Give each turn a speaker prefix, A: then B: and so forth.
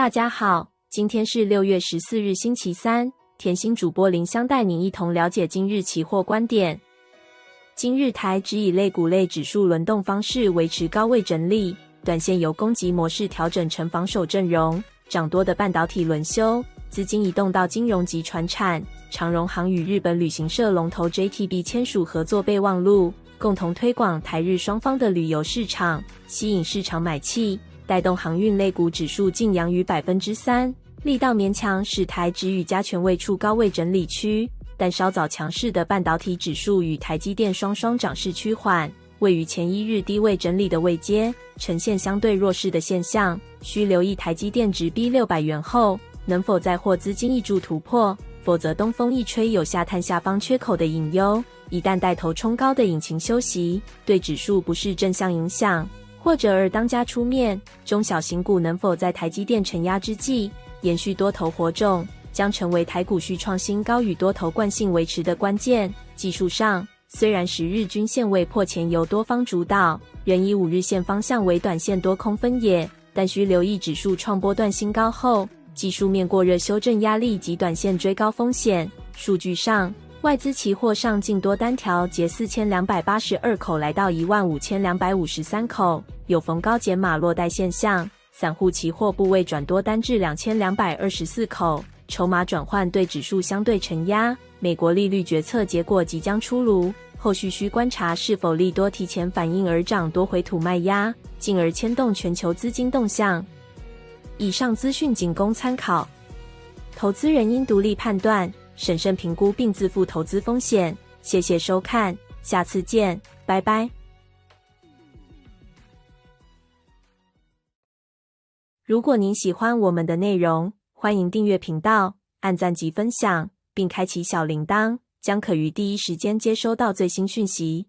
A: 大家好，今天是六月十四日，星期三。甜心主播林香帶您一同了解今日期貨觀點。今日台指以類股類指數輪動方式維持高位整理，短線由攻擊模式調整成防守陣容，漲多的半導體輪休，資金移動到金融及傳產。長榮航與日本旅行社龍頭 JTB 簽署合作備忘錄，共同推廣台日雙方的旅遊市場，吸引市場買氣。帶動航運類股指數勁揚逾百分之三，力道勉強使台指與加權位處高位整理區，但稍早強勢的半導體指數與台積電雙雙漲勢趨緩，位於前一日低位整理的位階，呈現相對弱勢的現象，需留意台積電直逼六百元後能否再獲資金挹注突破，否則東風一吹有下探下方缺口的隱憂，一旦帶頭衝高的引擎休息，對指數不是正向影響。或者二當家出面，中小型股能否在台積電承壓之際延續多頭火種，將成為台股續創新高與多頭慣性維持的關鍵。技術上，雖然十日均線未破前，由多方主導，仍以五日線方向為短線多空分野，但需留意指數創波段新高後，技術面過熱修正壓力及短線追高風險。數據上，外資期貨上淨多單調節四千兩百八十二口，來到一萬五千兩百五十三口，有逢高減碼落袋現象。散戶期貨部位轉多單至兩千兩百二十四口，籌碼轉換對指數相對承壓。美國利率決策結果即將出爐，後續需觀察是否利多提前反應而漲多回吐賣壓，進而牽動全球資金動向。以上資訊僅供參考，投資人應獨立判斷。審慎評估並自負投資風險。謝謝收看，下次見，拜拜。如果您喜歡我們的內容，歡迎訂閱頻道，按讚及分享，並開啟小鈴鐺，將可於第一時間接收到最新訊息。